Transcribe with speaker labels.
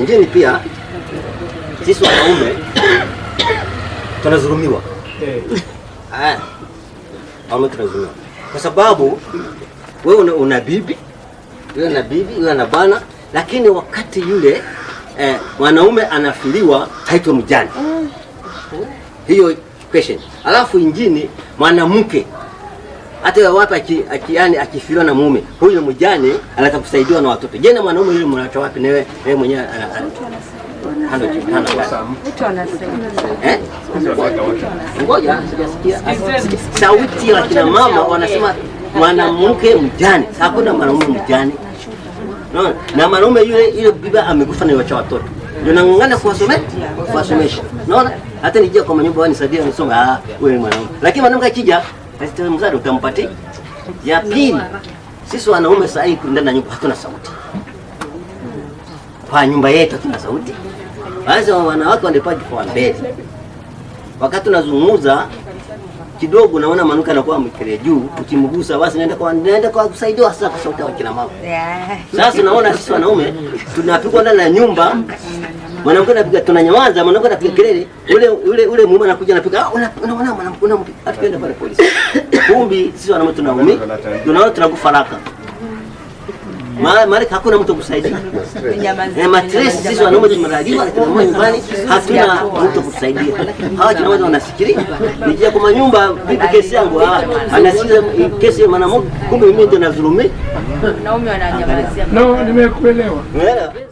Speaker 1: Nyingine pia sisi wanaume tunazulumiwa eh, wanaume tunazulumiwa kwa sababu wewe una bibi wewe na bibi wewe na bana, lakini wakati yule eh, mwanaume anafiliwa haitwa mjani hiyo question. Alafu injini mwanamke hata yeye wapi aki, aki yani akifiliwa na mume huyo mjane anaweza kusaidiwa na watoto. Je, na mwanaume yule mwanacho wapi? Na wewe mwenyewe ana mtu anasema eh, ngoja sijasikia sauti ya kina mama wanasema mwanamke mjane. mwanaume mjane no, na mwanaume yule ile amekufa na wacha watoto ndio nang'ang'ana kuwasomesha kuwasomesha, naona hata nijia kwa manyumba Ah, wewe mwanaume, lakini mwanamke akija President mzali utampati. Ya pili, sisi wanaume saa hii ndani ya nyumba hatuna sauti. Kwa nyumba yetu hatuna sauti. Basi wanawake wanapaki kwa mbele. Wakati tunazungumza kidogo naona manuka anakuwa mkelea juu, ukimgusa basi naenda kwa naenda kwa kusaidiwa sasa kwa sauti ya kina mama. Sasa naona sisi wanaume tunapigwa ndani ya nyumba mwanamke anapiga tunanyamaza, mwanamke anapiga kelele, yule yule yule mume anakuja anapiga, ah, unaona mwanamke una, unampiga, atakwenda pale polisi. Kumbi sisi wanaume tunaumia, tunaona tunakufa haraka. Mara hakuna mtu kusaidia. Na eh, matres sisi wanaume tumelajiwa tunaumia nyumbani, hatuna mtu kusaidia. Hawa jamaa wao wanafikiri nikija kwa nyumba vipi kesi yangu? Ah, anasikia kesi mwanamke, kumbe mimi ndio nadhulumiwa.
Speaker 2: Wanaume wananyamazia.
Speaker 3: No, nimekuelewa.